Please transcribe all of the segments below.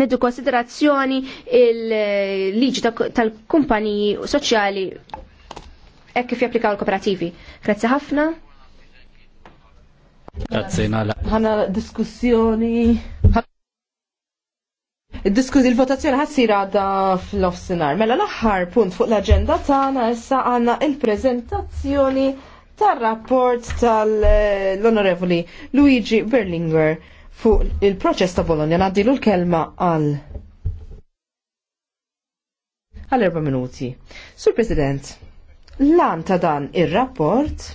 Nedu konsiderazzjoni il-liġi tal-kumpaniji soċjali e kif japplikaw l-kooperativi. Grazzi ħafna. Grazie nala. Għanna diskussjoni. Diskuzi il-votazzjoni ħassir għadha fl-offsinar. Mela l-aħħar punt fuq l-aġenda tagħna issa għandna il-preżentazzjoni tar-rapport tal-Onorevoli eh, Luigi Berlinguer fuq il-proċess ta' Bologna naddilu l-kelma għal għal erba minuti. Sur President, lan ta' dan ir-rapport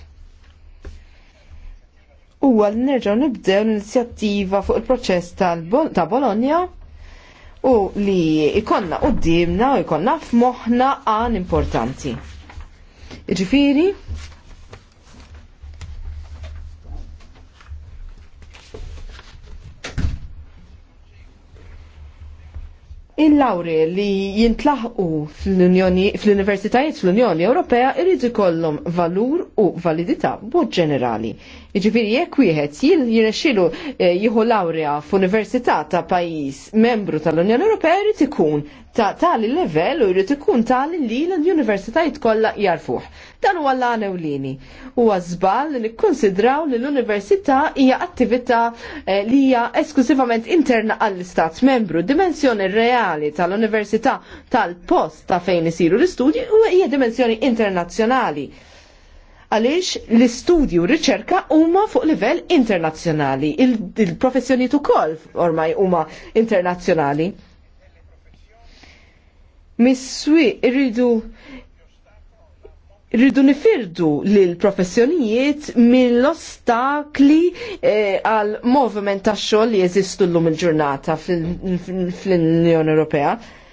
u għal nerġaw nibdew l-inizjattiva fuq il-proċess ta' Bologna u li ikonna u dimna u ikonna f'moħna għan importanti. Iġifiri, il-lawri li jintlaħqu fl-universitajiet fl fl-Unjoni Ewropea irridu kollhom valur u validità b'mod ġenerali. Iġifiri, jekk wieħed jirexilu eh, jieħu laurea f'università ta' pajjiż membru tal-Unjoni Ewropea jrid ikun ta' tali level u jrid ikun tali li l università kollha jarfuh. Dan huwa l-għana ewlieni. Huwa żball li nikkonsidraw li l-università hija attività eh, li hija esklusivament interna għall-istat membru. Dimensjoni reali tal-università tal-post ta' fejn isiru l-istudji huwa hija dimensjoni internazzjonali għaliex l-istudju riċerka huma fuq livell internazzjonali, il-professjoni tu ukoll ormai huma internazzjonali. Miswi irridu rridu nifirdu lil professjonijiet mill-ostakli eh, għal eh, moviment ta' xogħol li jeżistu llum il-ġurnata fl-Unjoni Ewropea. Fl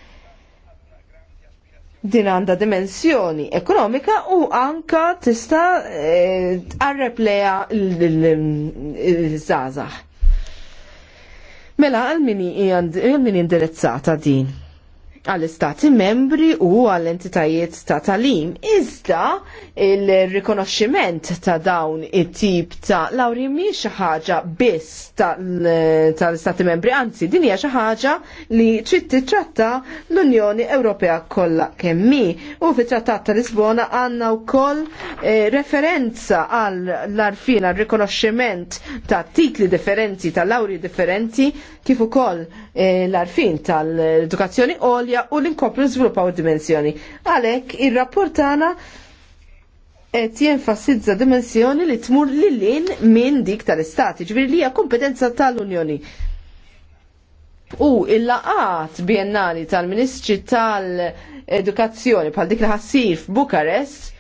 din għandha dimensjoni ekonomika u anka tista għarrepleja eh, l-żgħażagħ. Mela għal min indirizzata din għall-istati membri u għall-entitajiet ta' talim. Iżda il-rikonoxximent ta' dawn it-tip ta' lawri mi ħaġa biss tal-istati ta membri, anzi din hija xi ħaġa li trid titratta l-Unjoni Ewropea kollha kemmi. U fit-Trattat ta' Lisbona għandna wkoll eh, referenza għal l-arfin għal rikonoxximent ta' titli differenti, ta' lawri differenti, kif ukoll eh, l-arfin tal-edukazzjoni għolja l u l-inkopru żviluppaw id-dimensjoni. Għalhekk ir-rapport tagħna qed jenfasizza dimensjoni li tmur lilin minn dik tal-istati, ġifieri li hija kompetenza tal-Unjoni. U il-laqat biennali tal-Ministri tal-Edukazzjoni bħal dik li ħassir f'Bukarest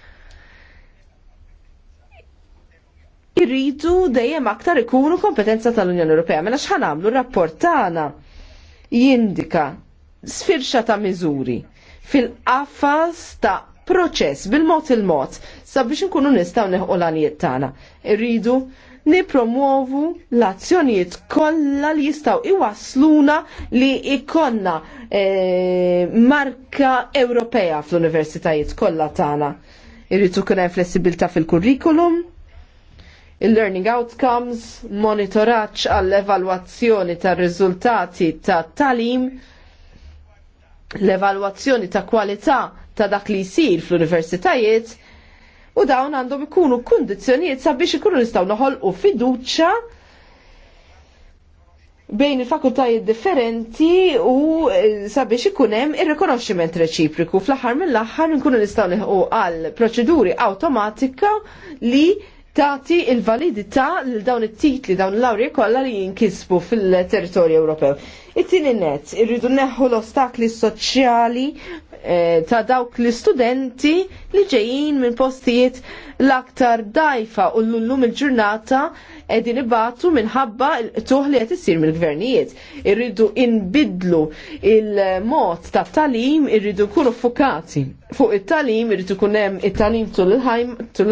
irridu dejjem aktar ikunu kompetenza tal-Unjoni Ewropea. Mela x'ħanamlu r-rapport tagħna jindika sfirxa ta' miżuri fil-qafas ta' proċess bil-mod il-mod sabiex nkunu nistgħu neħu l-għalijiet tagħna. Irridu nipromuovu l-azzjonijiet kollha li jistgħu iwasluna li ikonna e, marka Ewropea fl-universitajiet kollha tagħna. Irrid ukoll hemm flessibilità fil-kurrikulum, il-learning outcomes, monitoraġġ għall-evalwazzjoni tar-riżultati ta' talim, ta l-evalwazzjoni ta' kwalità ta' dak li jsir fl-universitajiet u dawn għandhom ikunu kundizzjonijiet sabiex ikunu nistgħu noħolqu fiduċja bejn il-fakultajiet differenti u eh, sabiex ikun hemm ir-rikonoxximent reċipriku. Fl-aħħar mill-aħħar nkunu nistgħu neħu għal proċeduri awtomatika li Tati il-validità l dawn it-titli dawn l-lawri kollha li jinkisbu fil-territorju Ewropew. It-tieni net irridu neħu l-ostakli soċjali eh, ta' dawk l-istudenti li ġejjin minn postijiet l-aktar dajfa u l-lum il-ġurnata qegħdin ibatu minħabba tuħ li issir mill-gvernijiet. Irridu inbidlu il-mod ta' talim, irridu kunu fukati fuq it-talim, irridu kunem hemm it-talim tul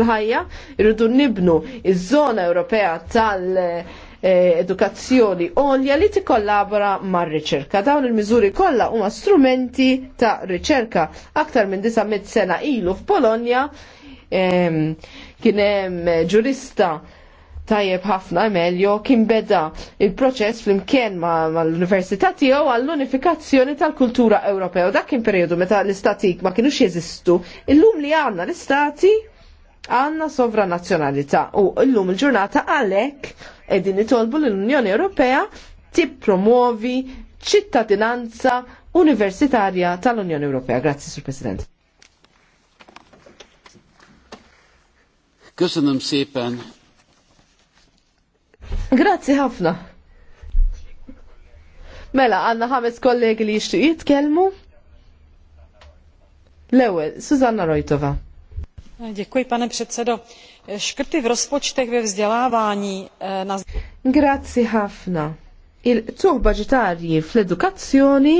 ħajja irridu nibnu iż-żona Ewropea tal- edukazzjoni olja li tikollabora mar riċerka Dawn il-miżuri kollha huma strumenti ta' riċerka. Aktar minn 900 sena ilu f'Polonja kien hemm ġurista tajjeb ħafna Emelio kien beda il-proċess flimkien mal-Università tiegħu għall-unifikazzjoni tal-kultura Ewropew. Dak kien perjodu meta l-istati ma kinux jeżistu. Illum li għandna l-istati għandna sovranazzjonalità u llum il-ġurnata għalhekk qegħdin nitolbu l-Unjoni Ewropea tippromuovi ċittadinanza universitarja tal-Unjoni Ewropea. Grazzi, Sur President. Köszönöm szépen Grazzi ħafna. Mela, għanna ħames kollegi li jishtu jitkelmu. Lewe, Suzanna Rojtova. Dziękuję, pane předsedo. Škrty v rozpočtech ve vzdělávání eh, na... Grazie, ħafna. Il-tuħ budgetarji fl-edukazzjoni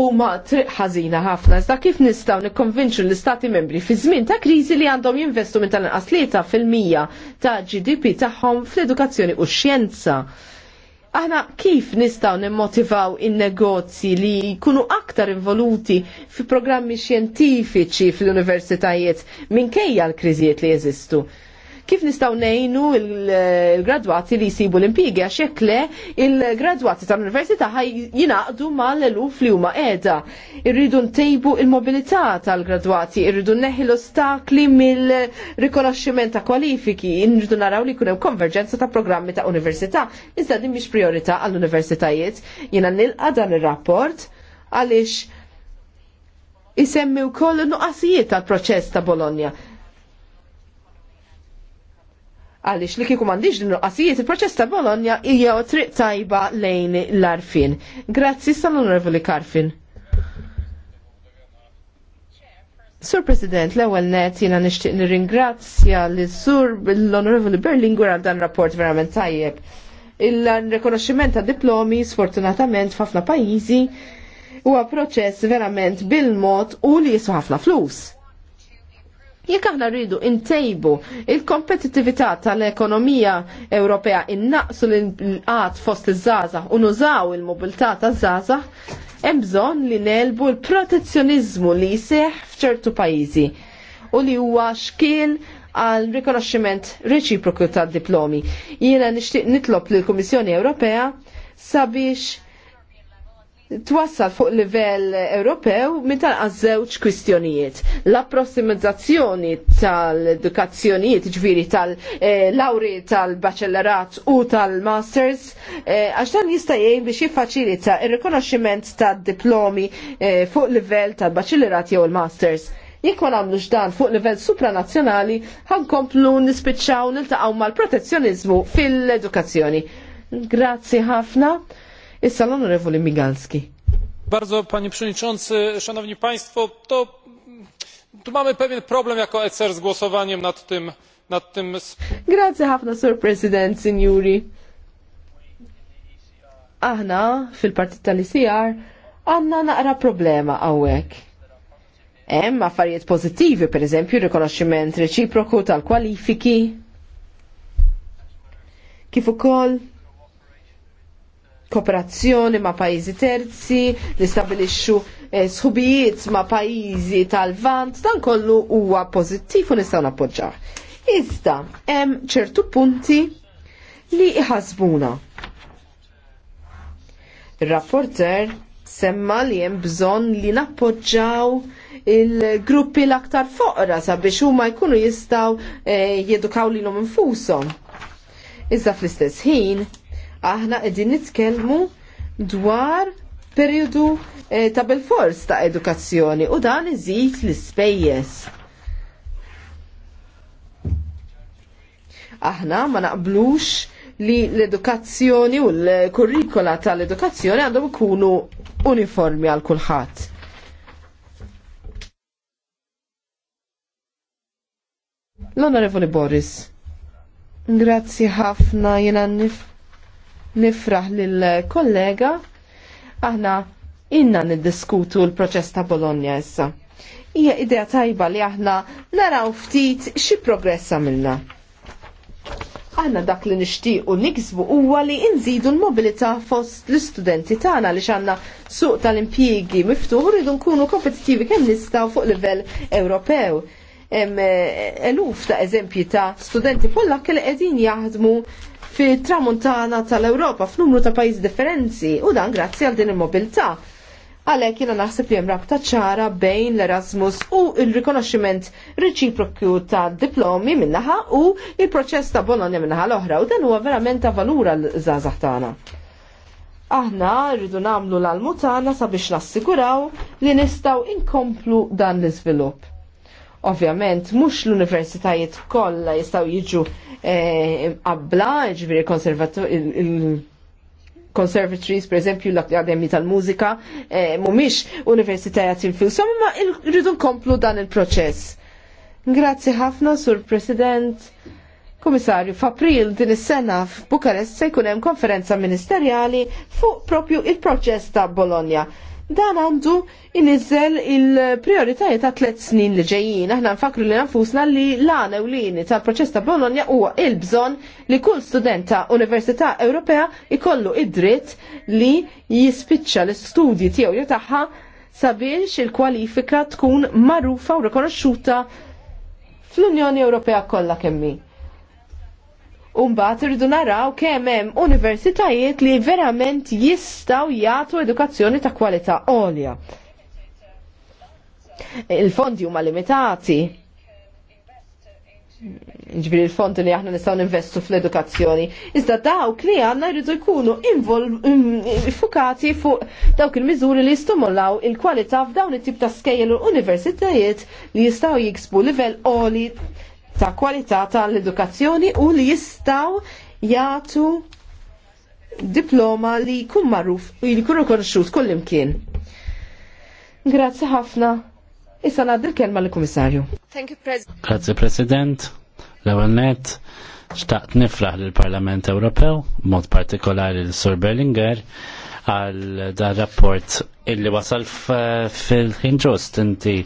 u ma triq ħażina ħafna. Iżda kif nistgħu nikkonvinċu l-istati membri fi żmien ta' kriżi li għandhom jinvestu minn tal-inqas tlieta fil-mija ta' GDP tagħhom fl-edukazzjoni u x-xjenza. Aħna kif nistgħu nimmotivaw in-negozji li jkunu aktar involuti fi programmi xjentifiċi fl-universitajiet minkejja l-kriżijiet li jeżistu? kif nistgħu ngħinu il gradwati li jsibu l impiegi għax hekk le il-gradwati tal-università jingħaqdu mal-eluf li huma qiegħda. Irridu ntejbu il-mobilità tal-gradwati, irridu neħi l-ostakli mill-rikonoxximent ta' kwalifiki, irridu naraw li jkun hemm konverġenza ta' programmi ta' università. Iżda din mhix priorità għall-universitajiet. jina nilqa dan ir-rapport għaliex isemmi wkoll nuqqasijiet tal-proċess ta' Bologna għalix li kiku mandiġ din nuqqasijiet il-proċess ta' Bologna hija triq tajba lejn l-arfin. Grazzi sal-onorevoli Karfin. Sur President, l-ewel net jina nishtiq nirringrazzja li sur l-onorevoli Berlingur għal dan rapport verament tajjeb. Il-rekonoxximent ta' diplomi sfortunatament f'ħafna pajjiżi huwa proċess verament bil-mod u li jiswa ħafna flus Jekk aħna rridu intejbu il-kompetittività tal-ekonomija Ewropea innaqsu l-inqat fost iż-żaza u nużaw il-mobilità taż-żaza, hemm bżonn li nelbu l-protezzjonizmu li jseħ f'ċertu pajjiżi u li huwa xkien għal rikonoxximent reċiproku tad diplomi. Jiena nixtieq nitlob lill-Kummissjoni Ewropea sabiex twassal fuq livell Ewropew mital żewġ kwistjonijiet. L-approssimizzazzjoni tal-edukazzjonijiet, ġviri tal-lawri tal-baccellerat u tal-masters, eh, għax dan jista' jgħin biex jiffaċilita ir-rikonoxximent tad-diplomi eh, fuq livell tal-baccellerat jew il-masters jekk ma nagħmlux dan fuq livell supranazzjonali, ħankomplu nispiċċaw niltaqgħu mal protezzjoniżmu fil-edukazzjoni. Grazzi ħafna. Issa l-Onorevoli Migalski. Bardzo, panie przewodniczący, szanowni państwo, to tu mamy pewien problem jako ECR z głosowaniem nad tym. Nad tym... Grazie ħafna, sir President, signori. Aħna, fil-partit tal-ICR, għanna naqra problema għawek. Hemm affarijiet per eżempju, rikonoxximent reċiproku tal-kwalifiki. Kif ukoll kooperazzjoni ma' pajjiżi terzi, li stabilixxu eh, sħubijiet ma' pajjiżi tal-vant, dan kollu huwa pożittiv u nistgħu nappoġġaw. Iżda, hemm ċertu punti li iħasbuna. Il-rapporter semma li hemm bżonn li nappoġġaw il-gruppi l-aktar foqra sabiex huma jkunu jistgħu eh, jedukaw lilhom infushom. Iżda fl-istess ħin aħna qegħdin nitkellmu dwar periodu eh, ta' bil-fors ta' edukazzjoni u dan iżid l-ispejjeż. Aħna ma naqblux li l-edukazzjoni u l-kurrikola tal-edukazzjoni għandhom ikunu uniformi għal kulħadd. L-Onorevoli Boris, grazzi ħafna jena nif nifraħ lill-kollega aħna inna niddiskutu l-proċess ta' Bologna issa. Hija idea tajba li aħna naraw ftit xi progress għamilna. Aħna dak li nixtiequ niksbu huwa li nżidu l-mobilità fost l-istudenti tagħna li għandna suq tal-impjiegi miftuħ rridu nkunu kompetittivi kemm nistgħu fuq livell Ewropew. Hemm eh, eluf ta' eżempji ta' studenti Pollak li qegħdin jaħdmu fi tramuntana tal-Ewropa f'numru ta' pajjiż differenzi u dan grazzi għal din il-mobilità. Għalhekk jiena naħseb li hemm rabta ċara bejn l-Erasmus u il-rikonoxximent reċiprokju ta' diplomi minnaħa u il-proċess ta' Bologna minnaħa l-oħra u dan huwa verament ta' valura l-żgħażagħ tagħna aħna rridu namlu l-almutana sabiex nassiguraw li nistgħu inkomplu dan l iżvilupp Ovvjament, mhux l-universitajiet kollha jistgħu jiġu għabla, eh, e, ġifieri conservatories, per esempio, l-Akademji tal-Mużika, e, mhumiex universitajiet infilsom, ma rridu nkomplu dan il-proċess. Grazzi ħafna, Sur President. Komissarju, f'April din is-sena f'Bukarest se jkun hemm konferenza ministerjali fuq propju il-proċess ta' Bologna dan għandu inizzel il-prioritajiet ta' tliet snin li ġejjin. Aħna nfakru li nfusna li l-għana u lini tal-proċess ta' Bologna huwa il-bżon li kull student ta' Università Ewropea ikollu id-dritt li jispiċċa l-istudji tiegħu jew tagħha sabiex il-kwalifika tkun marufa u rikonoxxuta fl-Unjoni Ewropea kollha kemmi. Umbat irridu naraw kemm hemm universitajiet li verament jistgħu jagħtu edukazzjoni ta' kwalità għolja. Il-fondi huma limitati. Ġbir il-fondi li aħna nistgħu ninvestu fl-edukazzjoni. Iżda dawk li għandna jridu jkunu infukati fuq dawk il-miżuri li jistimulaw il-kwalità f'dawn it-tip ta' skejjel u universitajiet li jistgħu jiksbu livell għoli ta' kwalità tal-edukazzjoni u li jistaw jagħtu diploma li jkun magħruf u li jkun rikonoxxut kullimkien. Grazzi ħafna. Issa ngħaddi l-kelma lill-Kummissarju. Grazzi President. L-ewwel nett, xtaqt nifraħ lill-Parlament Ewropew, mod partikolari l-Sur Berlinger, għal dar rapport illi wasal fil-ħin ġust inti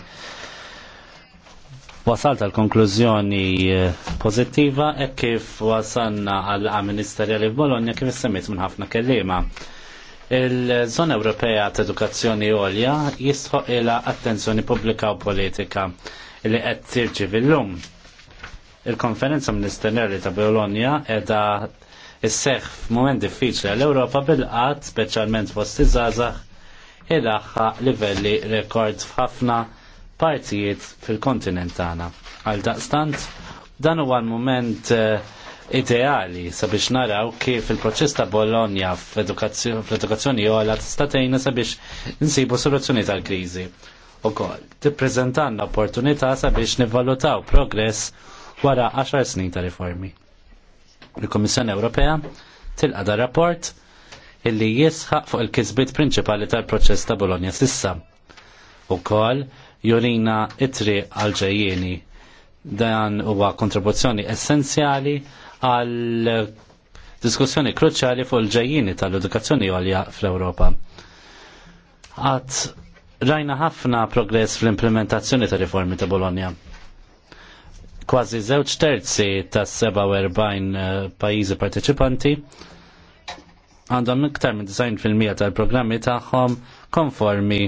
wasalt għal konklużjoni eh, pozittiva e kif wasalna għal ministerjali f'Bologna kif semmit minn ħafna kellima. Il-Zona Ewropea ta' Edukazzjoni Olja jistħoq ila attenzjoni pubblika u politika li qed tirċi lum Il-konferenza ministerjali ta' Bologna edha isseħ f'mument diffiċli għall-Ewropa bil-qatt, speċjalment fost iż-żgħażagħ livelli rekord f'ħafna partijiet fil-kontinent tagħna. Għal daqstant, dan huwa l-moment eh, ideali sabiex naraw kif il-proċess ta' Bologna fl-edukazzjoni jola tista' tgħinna sabiex insibu soluzzjoni tal-kriżi. Ukoll tippreżentanna opportunità sabiex nivvalutaw progress wara 10 snin ta' riformi. il komissjoni Ewropea tilqa rapport illi jisħaq fuq il-kisbit prinċipali tal-proċess ta' Bologna sissa. Ukoll jorina itri għal Dan huwa kontribuzzjoni essenzjali għal diskussjoni kruċjali fuq il-ġejjini tal-edukazzjoni għalja fl-Ewropa. Għat rajna ħafna progress fl-implementazzjoni ta' riformi ta' Bologna. Kważi żewġ terzi ta' 47 eh, pajjiżi parteċipanti għandhom iktar minn 90% tal-programmi tagħhom konformi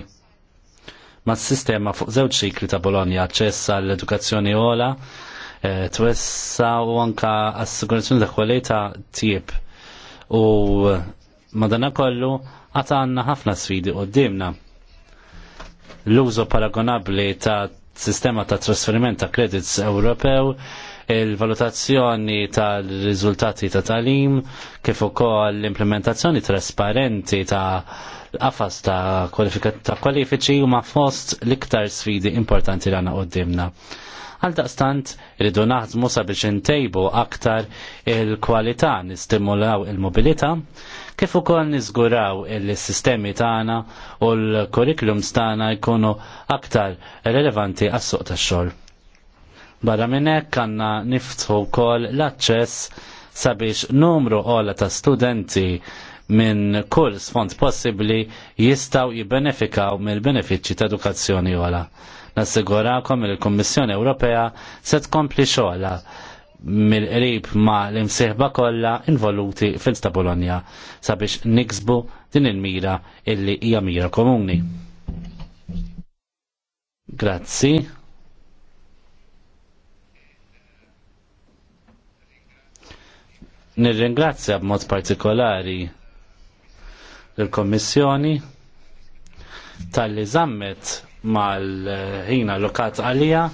ma' s-sistema fuq żewġ ċikli ta' Bologna, aċċess għall-edukazzjoni ola, eh, twessa u anka assigurazzjoni ta' kwalità tip. U eh, madana kollu għata għanna ħafna sfidi d-dimna. L-użu paragonabli ta' sistema ta' trasferiment ta' kredits Ewropew il-valutazzjoni tal-riżultati ta' talim, kif ukoll l-implementazzjoni trasparenti ta' l-qafas ta' kwalifiċi huma fost l-iktar sfidi importanti li għandna dimna. għal daqstant rridu naħdmu sabiex intejbu aktar il-kwalità nistimulaw il-mobilità kif ukoll niżguraw il-sistemi tagħna u l-kurrikulums tagħna jkunu aktar relevanti għas-suq tax-xogħol. Barra minn hekk għandna niftħu wkoll l-aċċess sabiex numru ola ta' studenti minn kull sfond possibbli jistgħu jibbenefikaw mill-benefiċċji ta' edukazzjoni ola. Nassigurakom li l-Kummissjoni Ewropea se tkompli xogħla mill-qrib ma l-imsieħba kollha involuti fil-ta' Bologna sabiex niksbu din il-mira illi hija mira komuni. Grazzi. Nirringrazzja b'mod partikolari il kommissjoni tal-li zammet mal-ħina lokat għalija